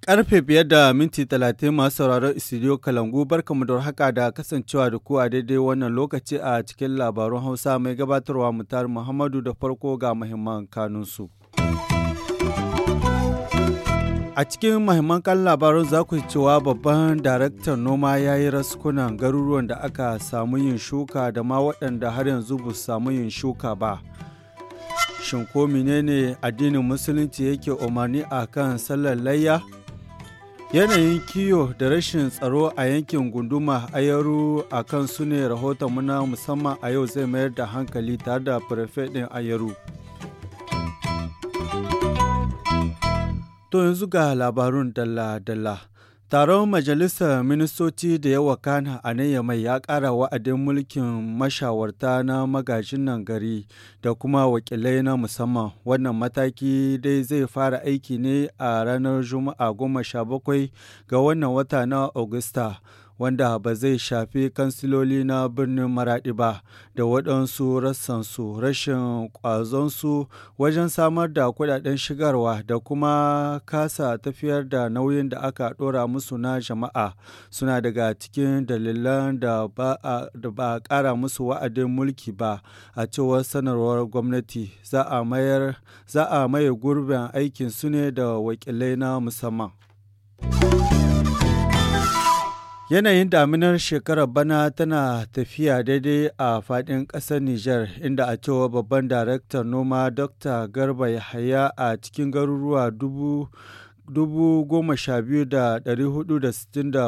Karfe biyar da minti talatin masu sauraron studio Kalangu barkamu da haka da kasancewa da ku a daidai wannan lokaci a cikin labarun Hausa mai gabatarwa mutar Muhammadu da farko ga muhimman kanunsu. A cikin mahimman kan labarun za ku cewa babban daraktan noma ya yi raskunan garuruwan da aka samu yin shuka da ma waɗanda har yanzu ba samu yin shuka ba. Shin ko menene addinin musulunci yake umarni a kan sallar layya? Yanayin kiyo da rashin tsaro a yankin gunduma ayaru a kan su ne rahoton muna musamman a yau zai mayar da hankali tare da ɗin ayaru. To yanzu ga labarun dalla-dalla. Taron Majalisar Ministoci da yawa kana a nan mai ya ƙara wa'adin mulkin mashawarta na magajin nan gari da kuma wakilai na musamman. Wannan mataki dai zai fara aiki ne a ranar Juma'a goma sha bakwai ga wannan wata na Agusta. wanda ba zai shafi kansiloli na birnin Maraɗi ba da waɗansu rassansu rashin ƙwazonsu wajen samar da kuɗaɗen shigarwa da kuma kasa tafiyar da nauyin da aka ɗora musu na jama'a suna daga cikin dalilan da ba a ƙara musu wa'adin mulki ba a cewar sanarwar gwamnati za za a maye gurbin aikin su ne da wakilai na musamman. Yanayin daminar shekarar bana tana tafiya daidai a faɗin ƙasar Nijar, inda a cewa babban daraktan noma Dr. Garba Yahaya a cikin garuruwa dubu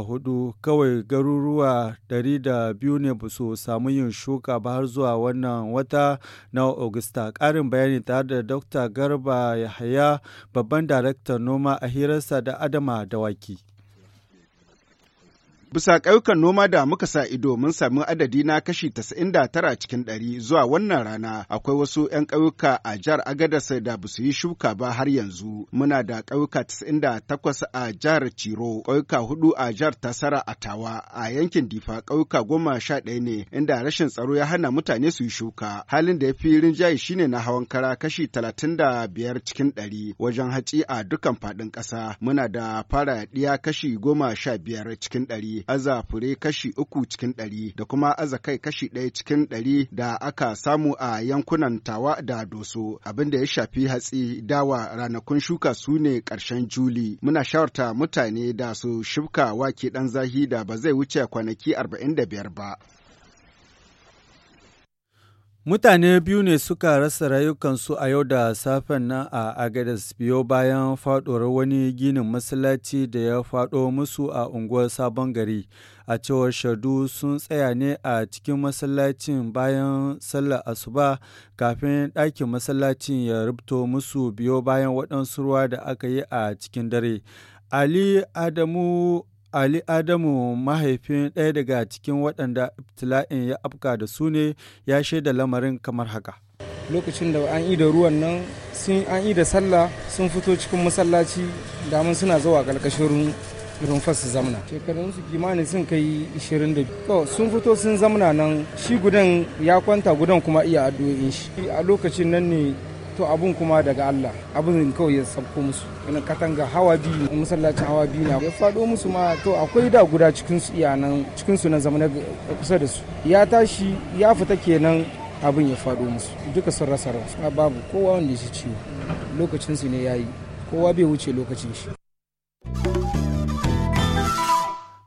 hudu kawai garuruwa da biyu ne ba su samu yin shuka ba har zuwa wannan wata na Augusta. Ƙarin bayani tare da Dr. Garba Yahaya, babban daraktan noma a hirarsa da Adama Dawaki. Bisa ƙauyukan noma da muka sa ido mun sami adadi na kashi 99 cikin 100 zuwa wannan rana akwai wasu 'yan ƙauyuka a jihar Agadas da ba su yi shuka ba har yanzu. Muna da ƙauyuka 98 a jihar Ciro, ƙauyuka hudu a jihar Tasara a Tawa, a yankin Difa ƙauyuka goma sha ɗaya ne inda rashin tsaro ya hana mutane su yi shuka. Halin da ya fi rinjaye shine na hawan kara kashi 35 cikin 100 wajen haci a dukkan faɗin ƙasa. Muna da fara ɗiya kashi goma sha biyar cikin ɗari aza fure kashi uku cikin ɗari da kuma aza kai kashi ɗaya cikin ɗari da aka samu a yankunan tawa da doso abin da ya shafi hatsi dawa ranakun shuka su ne ƙarshen juli muna shawarta mutane da su shibka wake ɗan zahi da ba zai wuce kwanaki arba'in da biyar ba. Mutane biyu ne suka rasa rayukansu a yau da safen nan a Agadez biyo bayan faɗuwar wani ginin masallaci da ya faɗo musu a unguwar Sabon Gari. A cewar shaidu sun tsaya ne a cikin masallacin bayan sallar asuba kafin ɗakin masallacin ya rubto musu biyo bayan waɗansu ruwa da aka yi a cikin dare. Ali Adamu Ali Adamu mahaifin ɗaya daga cikin waɗanda ibtila'in ya afka da su ne ya shaida lamarin kamar haka. Lokacin da an yi da ruwan nan sun an yi da sallah sun fito cikin masallaci damun suna zuwa ƙarƙashin rumfar zamana. zamna. Shekarunsu kimanin sun kai 22. sun fito sun zamna nan shi gudan ya kwanta gudan kuma iya addu'o'in shi. A lokacin nan ne to abun kuma daga Allah abun kawai ya sauko musu wani katanga hawa biyu masallacin hawa biyu na ya faɗo musu ma to akwai da guda cikin su iyanan cikin su na zama kusa da su ya tashi ya fita kenan abin ya faɗo musu duka sun rasa rasa babu kowa wanda shi ce, ciwo lokacin su ne yayi kowa bai wuce lokacin shi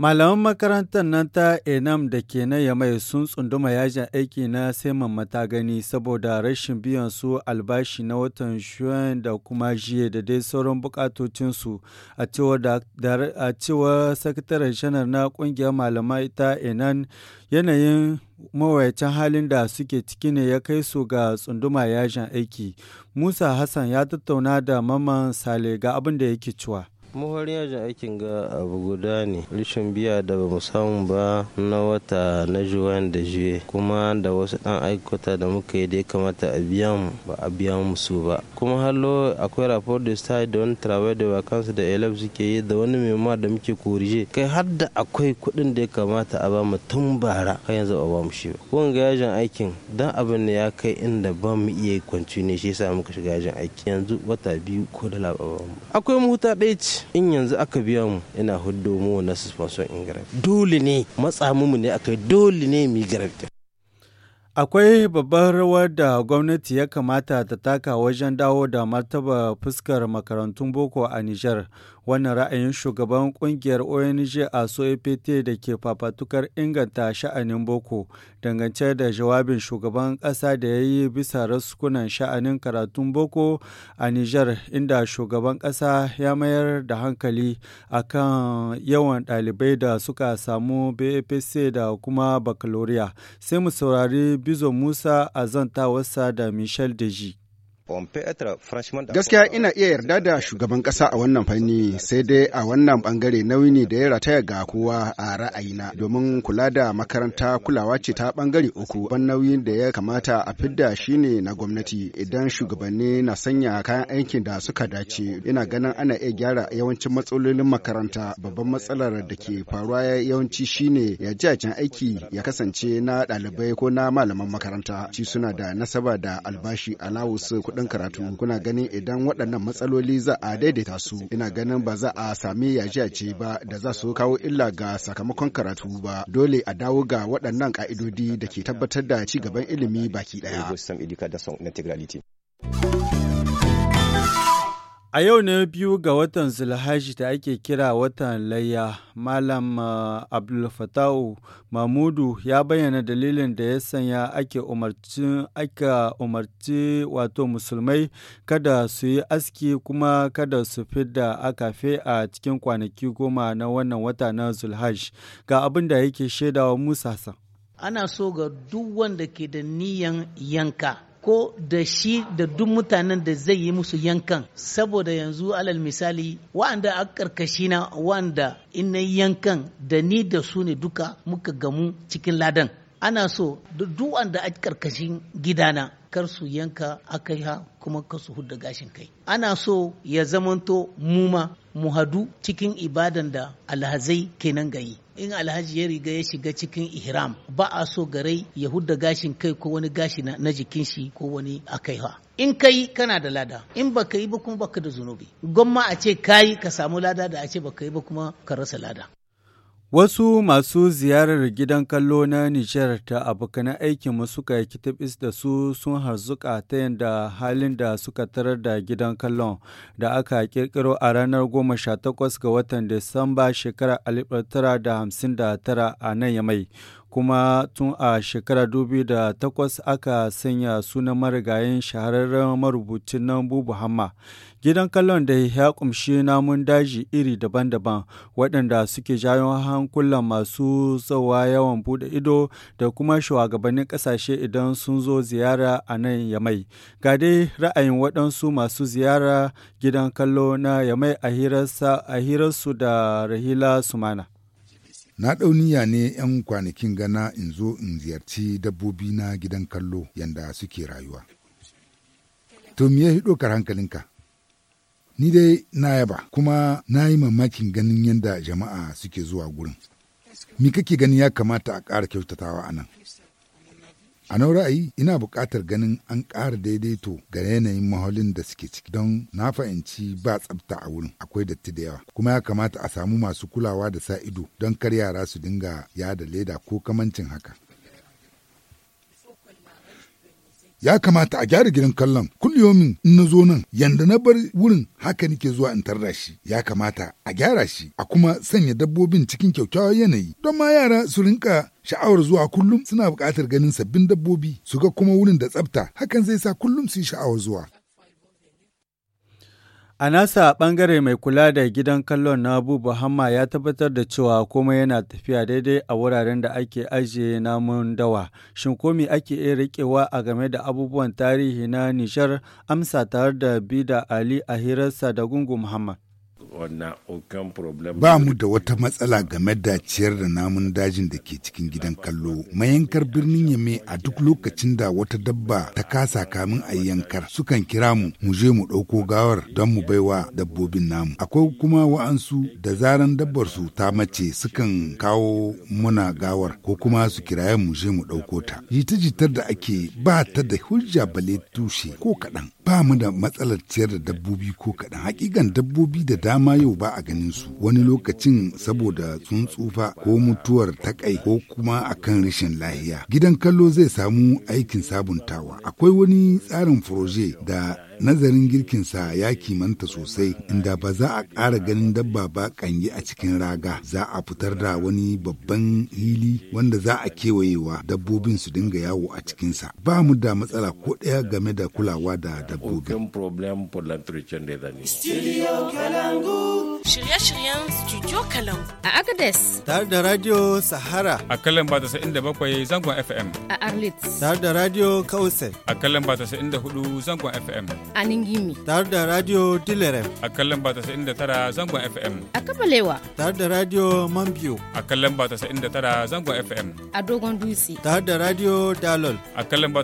Malaman makarantar nan ta Enam da ke na Yamai sun tsunduma yajin aiki na Seman gani saboda rashin biyan su albashi na watan Shuan da kuma jiye da dai sauran bukatocinsu a cewa sakataren shanar na kungiyar malamai ta Enan yanayin mawayacin halin da suke ciki ne ya kai su ga tsunduma yajin aiki. Musa Hassan ya tattauna da Maman Sale ga abin da yake cewa. mu yajin aikin ga abu guda ne rashin biya da bamu samu ba na wata na juwan da juye kuma da wasu dan aikata da muka yi dai kamata a biya mu ba a biya mu su ba kuma hallo akwai rapport da style da wani travail da vacances da elab suke yi da wani mai da muke korije kai har da akwai kuɗin da ya kamata a ba mu tun bara kai yanzu ba ba mu shi ba kun ga yajin aikin dan abin ne ya kai inda ba mu iya kwanci ne shi yasa muka shiga yajin aiki yanzu wata biyu ko da labarin akwai mu huta ɗaya in yanzu aka biya mu yana hudu mu na suspension in dole ne matsa mu ne akai dole ne mu grab Akwai babbar rawar da gwamnati ya kamata ta taka wajen dawo da martaba fuskar makarantun boko a Nijar. Wannan ra'ayin shugaban kungiyar ONG a soapt da ke fafatukar inganta sha'anin boko dangance da jawabin shugaban ƙasa da ya yi bisa raskunan sha'anin karatun boko a Nijar inda shugaban ƙasa ya mayar da hankali a kan yawan ɗalibai da suka samu BAPC da kuma baccalaureate. Sai mu saurari Bizo Musa a zantawarsa da Michel Deji. Gaskiya ina iya yarda da shugaban kasa a wannan fanni sai dai a wannan bangare nauyi ne da ya rataya ga kowa a ra'ayina domin kula da makaranta kulawa ce ta bangare uku ban nauyin da ya kamata a fidda shi ne na gwamnati idan shugabanni na sanya kayan aikin da suka dace ina ganin ana iya gyara yawancin matsalolin makaranta babban matsalar da ke faruwa yawanci shine ya jajen aiki ya kasance na ɗalibai ko na malaman makaranta ci suna da nasaba da albashi alawus kuɗin kuɗin karatu kuna ganin idan waɗannan matsaloli za a daidaita su ina ganin ba za a sami yajiyace ba da za su kawo illa ga sakamakon karatu ba dole a dawo ga waɗannan ka'idodi da ke tabbatar da ci gaban ilimi baki ɗaya. A yau ne biyu ga watan Zulhaji da ake kira watan layya, Malam eh, Abdulfatahu Mahmudu ya bayyana dalilin da ya sanya ake umarci aka umarci wato musulmai kada su yi aski kuma kada su fidda akafe a cikin kwanaki goma na wannan wata na Zulhaji, Ga abin da yake shaidawa Musa Ana so ga duk wanda ke da niyan yanka. ko da shi da duk mutanen da zai yi musu yankan saboda yanzu alal misali wa'anda a karkashi na wa'anda in yankan da ni da su ne duka muka gamu cikin ladan ana so duk wanda a karkashin gidana kar su yanka akaiha kuma kar su hudda gashin kai ana so ya zamanto muma mu hadu cikin ibadan da alhazai kenan gayi in alhaji ya riga ya shiga cikin ihram ba a so garai ya hudda gashin kai ko wani gashi na jikin shi ko wani akaiha in kai kana da lada in baka yi ba kuma baka da zunubi gwamma a ce kayi ka samu lada da a ce ba ka yi ba kuma ka rasa lada Wasu masu ziyarar gidan kallo na Nijar da abokanan aikinmu suka yi kitabis da su sun harzuka ta yadda halin da suka tarar da gidan kallon da aka kirkiro a ranar 18 ga watan Disamba shekarar 1959 a nan yamai. kuma tun a shekara takwas aka sanya sunan marigayen shahararren marubucin nan Bubu Hamma. Gidan kallon da ya kumshi namun daji iri daban-daban waɗanda suke jayo hankulan masu tsawa yawan buɗe ido da kuma shugabannin ƙasashe idan sun zo ziyara a nan Yamai. Ga dai ra'ayin waɗansu masu ziyara gidan kallo na Yamai a hirarsu da Rahila Sumana. na ɗauniya ne 'yan kwanakin gana in zo in ziyarci dabbobi na gidan kallo yanda suke rayuwa. To me ya hido hankalinka? Ni dai na yaba kuma na yi mamakin ganin yadda jama'a suke zuwa gurin. Me kake gani ya kamata a ƙara kyautatawa a nan? A nan ra'ayi ina buƙatar ganin an ƙara daidaito ga yanayin maholin da suke ciki don na fahimci ba tsafta a wurin akwai datti da yawa kuma ya kamata a samu masu kulawa da sa ido don kar yara su dinga yada leda ko kamancin haka. ya kamata a gyara gidan kallon kulliyomin in na zo nan yanda na bar wurin haka nake zuwa in tarra shi ya kamata a gyara shi a kuma sanya dabbobin cikin kyakkyawan yanayi don ma yara su rinka sha'awar zuwa kullum suna buƙatar ganin sabbin dabbobi su ga kuma wurin da tsafta hakan zai sa kullum su yi sha'awar zuwa A nasa ɓangare mai kula da gidan kallon na Abu Hamma ya tabbatar da cewa komai yana tafiya daidai a wuraren da ake ajiye namun dawa. Shin komi ake iya riƙewa a game da abubuwan tarihi na Nijar amsa tare da Bida Ali a hirarsa da Gungu Muhammad. Ba mu da wata matsala game da ciyar da namun dajin da ke cikin gidan kallo. Mayankar birnin Yame a duk lokacin da wata dabba ta kasa kamin a yankar sukan kira mu mu je mu ɗauko gawar don mu baiwa dabbobin namu. Akwai kuma wa'ansu da zaran dabbar su ta mace sukan kawo muna gawar ko kuma su kiraye mu je mu ɗauko ta. Jita-jitar da ake ba ta da hujja bale tushe ko kaɗan. Ba mu da matsalar ciyar da dabbobi ko kaɗan. Hakikan dabbobi da dama ma yau ba a ganin su wani lokacin saboda tsuntsufa ko mutuwar takai ko kuma akan rashin lahiya. Gidan kallo zai samu aikin sabuntawa. Akwai wani tsarin furoje da Nazarin girkinsa ya kimanta sosai inda ba za a ƙara ganin dabba ba kanyi a cikin raga za a fitar da wani babban hili wanda za a kewayewa dabbobin su dinga yawo a cikinsa. Ba mu da matsala ko ɗaya game da kulawa da dabbobin. shirye-shiryen studio kalam a agades tare da radio sahara a kalan ba bakwai zangon fm a arlit tare da radio kausai a kalan ba hudu zangon fm a ningimi tare da radio dilerem a kalan ba tara zangon fm a kabalewa tare da radio mambiyo a kalan ba tara zangon fm a dogon dutse tare da radio dalol a kalan ba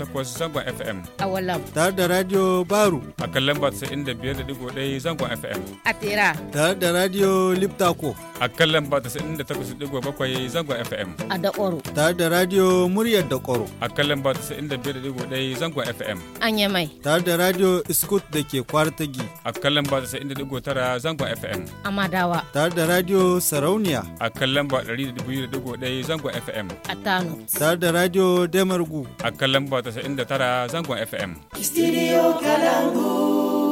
takwas zangon fm a walam tare da radio baru a kalan ba 95.1 zangon fm a Tera. Tare da Radio Liptako. A kan lamba bakwai zangon FM. A Dakoro. Tare da Radio Muryar Dakoro. A kan lamba ɗaya zangon FM. An Yamai. Tare da Radio Iskut da ke Kwartagi. A kan lamba tara zangon FM. A Madawa. Tare da Radio Sarauniya. A kan lamba ɗaya zangon FM. A Tano. Tare da Radio Demargu. A kan lamba tara zangon FM. Studio Kalangu.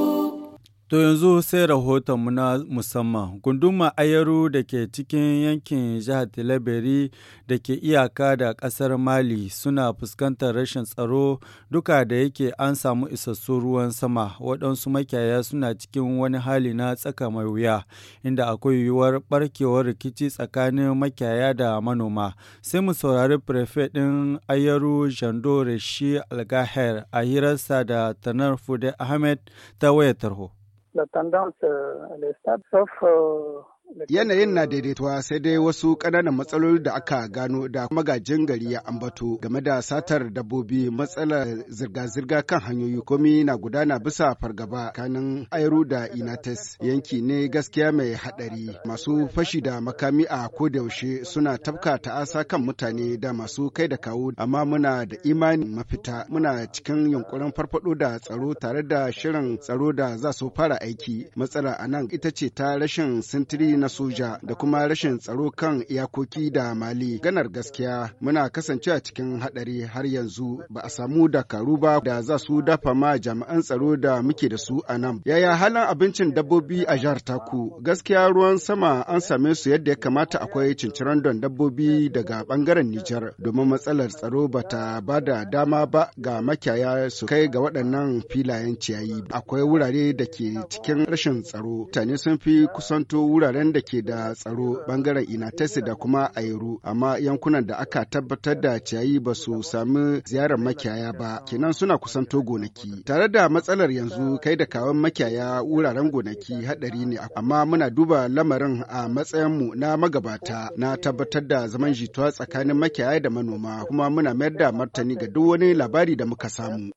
To yanzu sai rahotonmu na musamman. Gunduma Ayaru da ke cikin yankin jihar Tilaberi da ke iyaka da ƙasar Mali suna fuskantar rashin tsaro duka da yake an samu isassu ruwan sama. Waɗansu makiyaya suna cikin wani hali na tsaka mai wuya, inda akwai yiwuwar ɓarkewar rikici tsakanin makiyaya da manoma. Sai mu saurari prefet ɗin Ayaru Jandore Shi Algaher a hirarsa da Tanar Fude Ahmed ta waya tarho. la tendance, euh, elle est stable, sauf euh, Yanayin na daidaituwa sai dai wasu ƙananan matsaloli da aka gano da magajin gari ya ambato game da satar dabbobi matsalar zirga-zirga kan hanyoyi komi na gudana bisa fargaba kanin Airu da Inates yanki ne gaskiya mai haɗari. Masu fashi da makami a kodayaushe suna tafka ta'asa kan mutane da masu kai da kawo amma muna da imani mafita muna cikin yunkurin farfaɗo da tsaro tare da shirin tsaro da za su fara aiki. Matsala a nan ita ce ta rashin sintiri na soja da kuma rashin tsaro kan iyakoki da Mali. Ganar gaskiya muna kasance a cikin haɗari har yanzu ba a samu dakaru ba da za su dafa ma jami'an tsaro da muke da su a nan. Yaya halin abincin dabbobi a jihar Taku? Gaskiya ruwan sama an same su yadda ya kamata akwai cinciran don dabbobi daga bangaren Nijar domin matsalar tsaro bata ba da dama ba ga makiyaya su kai ga waɗannan filayen ciyayi. Akwai wurare da ke cikin rashin tsaro. Mutane sun fi kusanto wuraren wuraren da ke da tsaro bangaren inatesi da kuma airu amma yankunan da aka tabbatar da ciyayi ba su sami ziyarar makiyaya ba kenan suna kusanto gonaki tare da matsalar yanzu kai da kawan makiyaya wuraren gonaki hadari ne amma muna duba lamarin a matsayinmu na magabata na tabbatar da zaman jituwa tsakanin makiyaya da manoma kuma muna mayar da martani ga duk wani labari da muka samu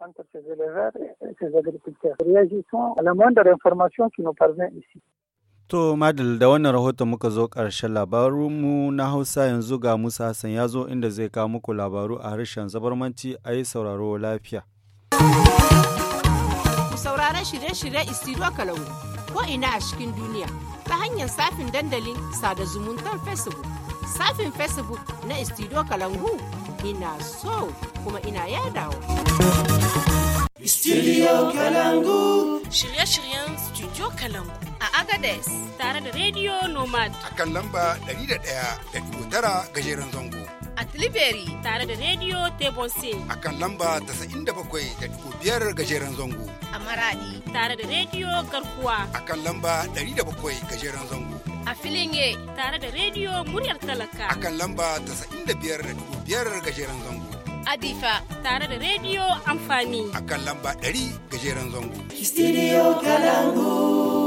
ces agriculteurs. Réagissons à la moindre information qui nous parvient ici. To Madal da wannan rahoton muka zo ƙarshen labarunmu na Hausa yanzu ga Musa Hassan ya zo inda zai kawo muku labaru a harshen zabarmanci a yi sauraro lafiya. Sauraron shirye-shirye Isidro Kalau ko'ina a cikin duniya ta hanyar safin dandalin sada zumuntar facebook safin facebook na istido kalangu ina so kuma ina yadawa Studio Kalangu. Shirye-shiryen Studio Kalangu. A Agades. Tare da Radio Nomad. A kan lamba da 101.9 gajeren zango. a Tilibiri tare da Radio Tebonse. A kan lamba da da bakwai biyar gajeren zango. A Maradi tare da Radio Garkuwa. A kan lamba dari da bakwai gajeren zango. A Filinge tare da Radio Muryar Talaka. A kan lamba da da biyar biyar gajeren zango. A Difa tare da Radio Amfani. A kan lamba dari gajeren zango. Studio Kalangu.